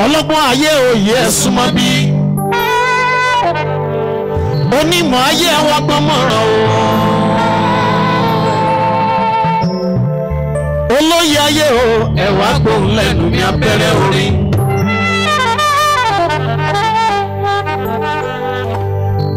ọlọ́gbọ́n ayé òye ẹ̀sùn mọ́ bí onímọ̀ ayé wa gbọ́mọ̀ràn o olóyè ayé o ẹ̀wà gbóhùn lẹ́nu mi abẹ́rẹ́ orin.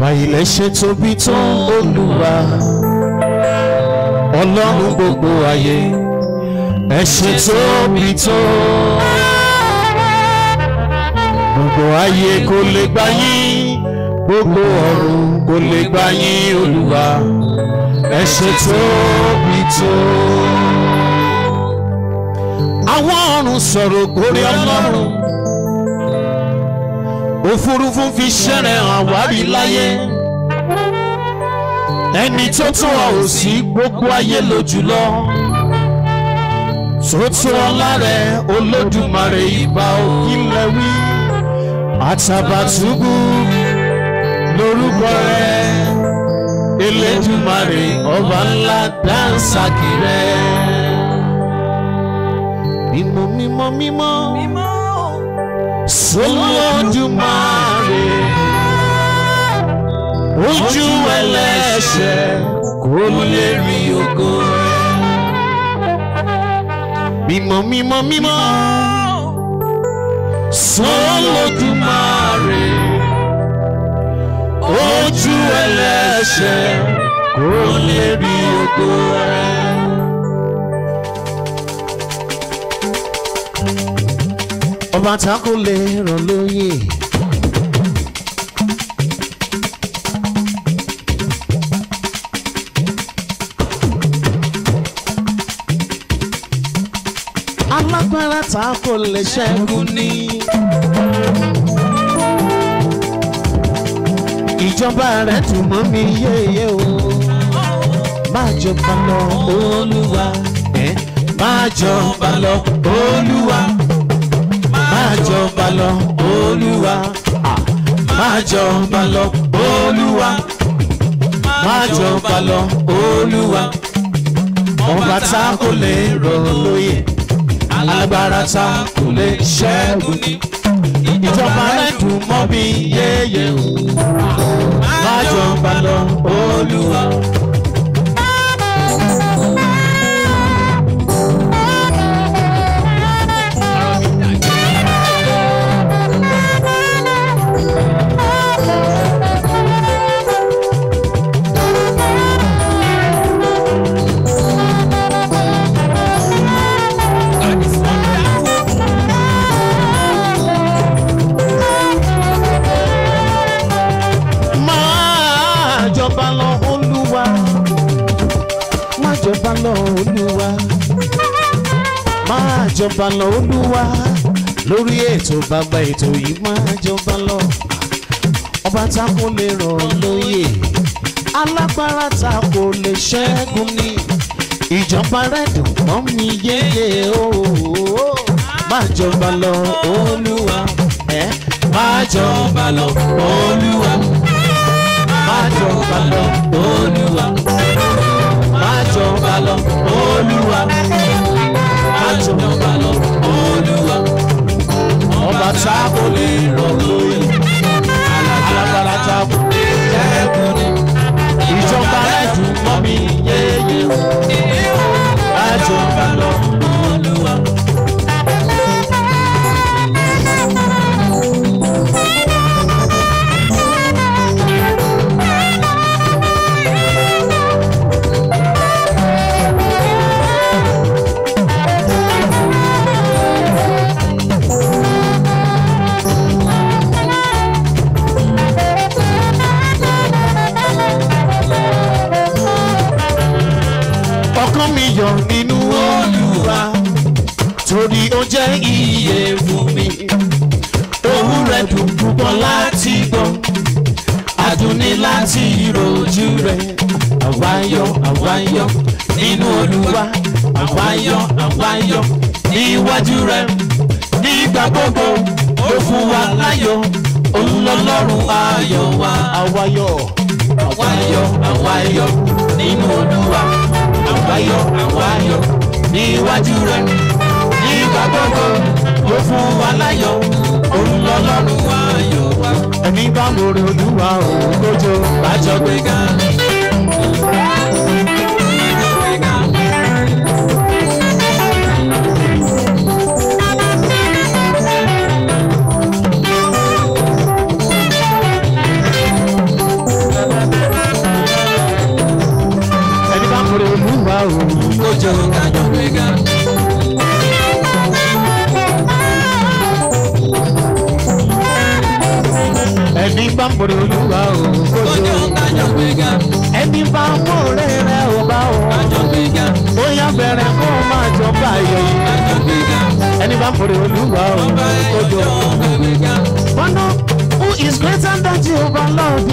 bàyìlẹ̀ ṣe tóbi tó olúwa ọlọ́run gbogbo ayé ẹ̀ ṣe tóbi tó gbogbo ayé kò lè gbà yín gbogbo ọ̀run kò lè gbà yín olúwa ẹ ṣe tóbi tó. àwọn ọ̀run sọ̀rọ̀ gorí ọlọ́run òfurufú fi ṣẹ̀rẹ̀ àwárí láyé ẹni tó tún ọ sí gbogbo ayé lójúlọ tó tún ọlá rẹ̀ olódùmarè ìbà òkìlẹ̀ wí àtàbàtúbú lórúkọ rẹ elédùmarè ọba ńlá dáńsàkì rẹ. mímọ́ mímọ́ mímọ́ sọlọ́dúmarè ojú ẹlẹ́ṣẹ̀ kò lè rí ògo rẹ. mímọ́ mímọ́ mímọ́. mímọ́ sọlọ́dúnmáre ojú ẹlẹ́ṣẹ̀ kò lè rí ògo rẹ̀. ọba tá kò lè ràn lóyè. kò lè ṣẹ́gun ní. ìjọba rẹ̀ tún mọ́ mi yéye o má jọba lọ olúwa má jọba lọ olúwa má jọba lọ olúwa má jọba lọ olúwa má jọba lọ olúwa ọba tá kò lè rọ̀ lóye alágbára sá kò lè ṣẹ́gun ni ìjọba ẹ̀dùn mọ́ mi yéye o má lọ olúwa. jọba lọ olúwa lórí ètò bàbá ètò yìí máa jọba lọ ọba tá kò lè rọ̀ lóyè alágbára tá kò lè ṣẹ́gun ni ìjọba rẹ̀ dùn mi yéye ooo máa jọba lọ olúwa máa jọba lọ olúwa. ayọ̀ nínú Olúwa torí ó jẹ́ iye fún mi rẹ̀ dùn púpọ̀ láti gbọ́ adùn láti rojú rẹ̀ àwáyọ̀ àwáyọ̀ nínú Olúwa àwáyọ̀ àwáyọ̀ níwájú rẹ̀ nígbà gbogbo ó fún wa láyọ̀ òun lọ́lọ́run ayọ̀ wa àwáyọ̀ àwáyọ̀ àwáyọ̀ nínú Olúwa àbáyọ àwọn ayọ̀ níwájú rẹ̀ nígbà gbogbo ó fún wa láyọ̀ òun lọ́lọ́run wáyọ̀ wá. ẹni bá lórí olúwa òun lójó bá jọ gbé gan-an. jó bá ń bọ̀rọ̀ olúwa o kó kájọ gbé ga. bá ń mú òré rẹ ò bá o kájọ gbé ó yá bẹ̀rẹ̀ kó o máa jọ báyọ̀ kájọ gbé ẹni bá ń bọ̀rọ̀ olúwa o kó kájọ gbé ga. bọ́nú is greater than Jehovah Lord.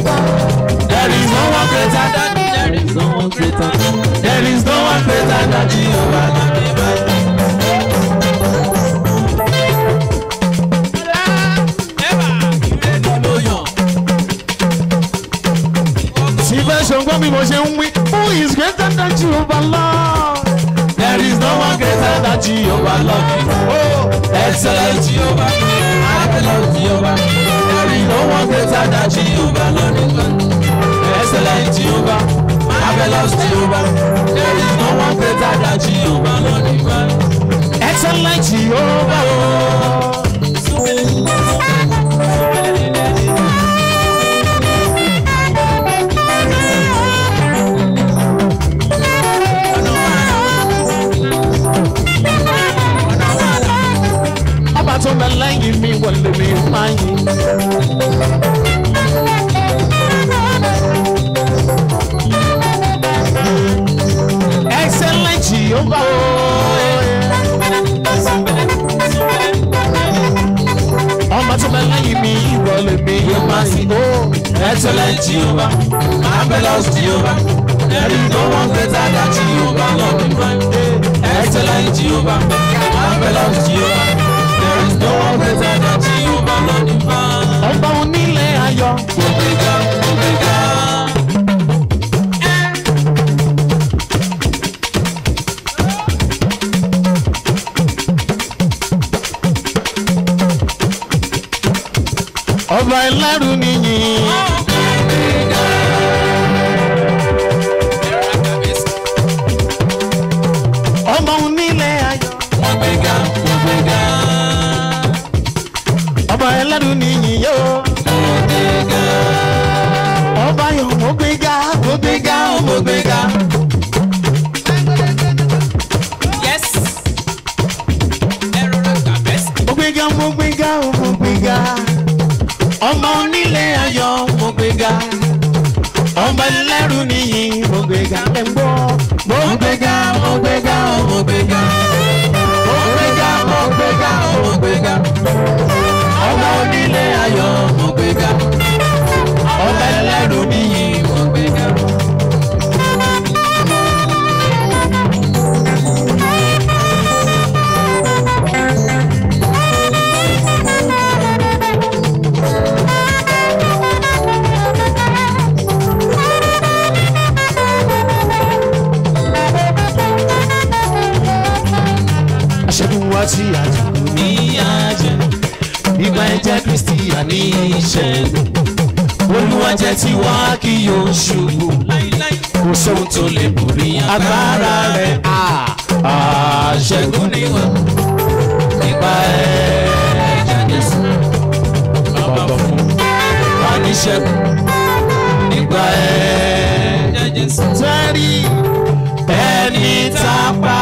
There is no one greater than. There is no one greater. There is no greater than Jehovah. ṣùgbọ́n bí mo ṣe ń wí who is greater than Jehovah Lord. there is no one greater than Jehovah Lord. oh excellent Jehovah I love Jehovah. there is no one greater than Jehovah Lord. excellent Jehovah fellows Jehovah. There is no one better than Jehovah, Lord divine. Excellent Jehovah. Ọba tó mẹ lẹ́yìn mi wọlé mi máa yin. Jehovah, I belong to Jehovah. There is no one better than Jehovah, Lord and Excellent Jehovah, I belong to Jehovah. There is no one better than Jehovah, Lord and man. Ọba onílé ayọ̀. Omega, Omega. Ọba ẹlẹ́rù nìyí. mo gbé yes ẹ̀rọ rẹ̀ gbà bẹ́sì. mo gbé ga mo gbé ga o mo gbé ga ọmọ onílé ayọ̀ mo gbé ọmọ ẹlẹ́rù nìyí mo gbé mo gbé mo gbé mo gbé olúwa jẹ́ tiwa kì yóò ṣubú kò sóhun tó lè borí agbára rẹ̀ àṣẹ́gun níwọ̀n nípa ẹ̀jẹ̀ Jésù bàbá fún wa níṣẹ́gun nípa ẹ̀jẹ̀ Jésù tẹ́rí ẹni tá a pa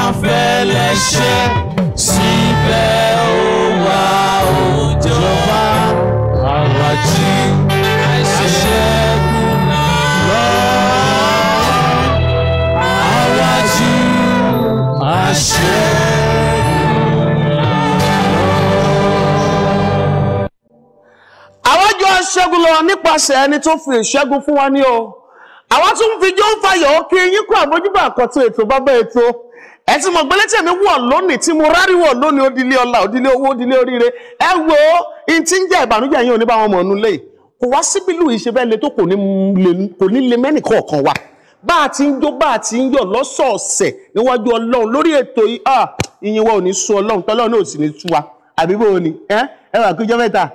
lọ nípasẹ̀ ẹni tó fi ìṣẹ́gun fún wa ní o àwa tún fi jó ń fayọ̀ ó kí yín kó àmójúbà àkọ́tún ètò bàbá ètò ẹ ti mọ̀ gbélé tèmi wọ̀ lónìí tí mo ráríwọ̀ lónìí ó ọlá ó owó ó oríire ẹ wo in ti ń jẹ́ ìbànújẹ́ yín ò ní bá wọn mọ̀ ọ́nú lé kò wá síbí lù ìṣe bẹ́ẹ̀ le tó kò ní le mẹ́nì kọ̀ọ̀kan wa bá a ti ń jó bá a ti ń yọ̀ lọ́sọ̀ọ̀sẹ̀ níwájú ọlọ́run lórí ètò yìí wa ò ní sú ọlọ́run tọ́lọ́run ò sì ní sú wa àbí bó o ní ẹ ẹ wà kújọ́ mẹ́ta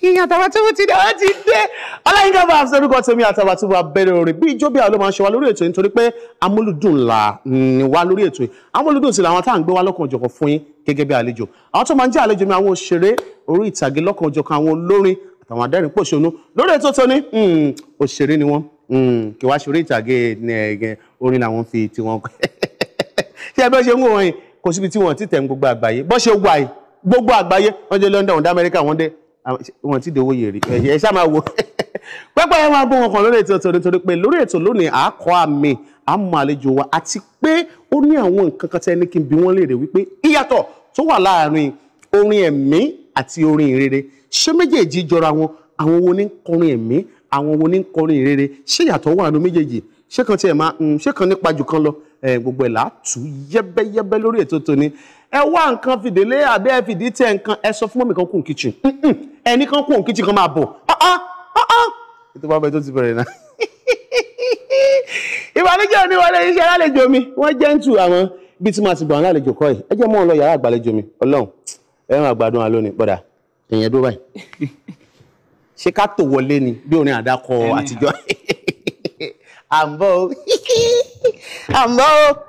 yíyan Àtàbàtúbú ti dé wọ́n ti dé ọláyínká bá àfẹsẹ̀rúkọ tèmi Àtàbàtúbú abẹ́rẹ́ orin bí ijó bí àwọn ló máa ń ṣe wá lórí ètò yìí nítorí pé amúlùdùn là ń wá lórí ètò yìí amúlùdùn sì làwọn tá à ń gbé wá lọ́kàn òjọ̀kan fún yín gẹ́gẹ́ bí àlejò àwọn tó máa ń jẹ́ àlejò mi àwọn òṣèré orí ìtàgé lọ́kàn òjọ̀kan àwọn olórin àtàwọn adẹ́rìn pòṣónú hmm, ni wọ́n hmm, kì wá ṣeré ìtàgé orin làwọn fi tiwọn ṣé ẹgbẹ́ ṣe ń wò wọ́n kò síbi tí wọ́n ti tẹ̀ ń gbogbo àgbáyé bọ́ ṣe wà gbogbo àgbáyé wọ́n dé London wọ́n dé Amẹ́ríkà wọ́n dé wọn ti dòwó yèrè ẹ ṣáà máa wo pẹ́pẹ́ ẹ máa bọ́ wọn kan lórí ètò tòní torí pé lórí ètò lónìí àákọ́ àmì àmọ́ àlejò wa àti pé ó ní àwọn nǹkan kan tẹ́ ní kí n bi wọ́n léèrè wípé ìyàtọ̀ tó wà láàárín orin ẹ̀mí àti orin ìrere ṣé méjèèjì jọra wọn àwọn wo ní kọrin ẹ̀mí àwọn wo ní kọrin ìrere ṣé ìyàtọ̀ wà nínú méjèèjì ṣé kan tiẹ̀ máa hmm, ṣé kan nípa jù kan lọ gbogbo ẹ̀ là á tù yẹ́bẹ́yẹ́bẹ́ lórí ètò tòní ẹ wá nǹkan fìdílé àbí ẹ fìdí tẹ nǹkan ẹ sọ fún mọ́mì kan kùn kitchen ẹni kan kùn kitchen kan máa bọ̀ ah, ah, ah, ètò bàbá ètò ti bẹ̀rẹ̀ náà ìbànújẹ́ òní wọlé iṣẹ́ lálejò mi wọ́n jẹ́ ń tu àwọn ibi tí màá ti gbọ̀n lálejò kọ́ yìí ẹ jẹ́ mọ́ ọ lọ yàrá àgbàlejò mi ọlọ́run ẹ̀rùn àgbàdo àlọ́ ni bọ́dà èèyàn dúró báyìí ṣé ká tò wọlé ni bí orin àdákọ àtijọ́ à ń Amor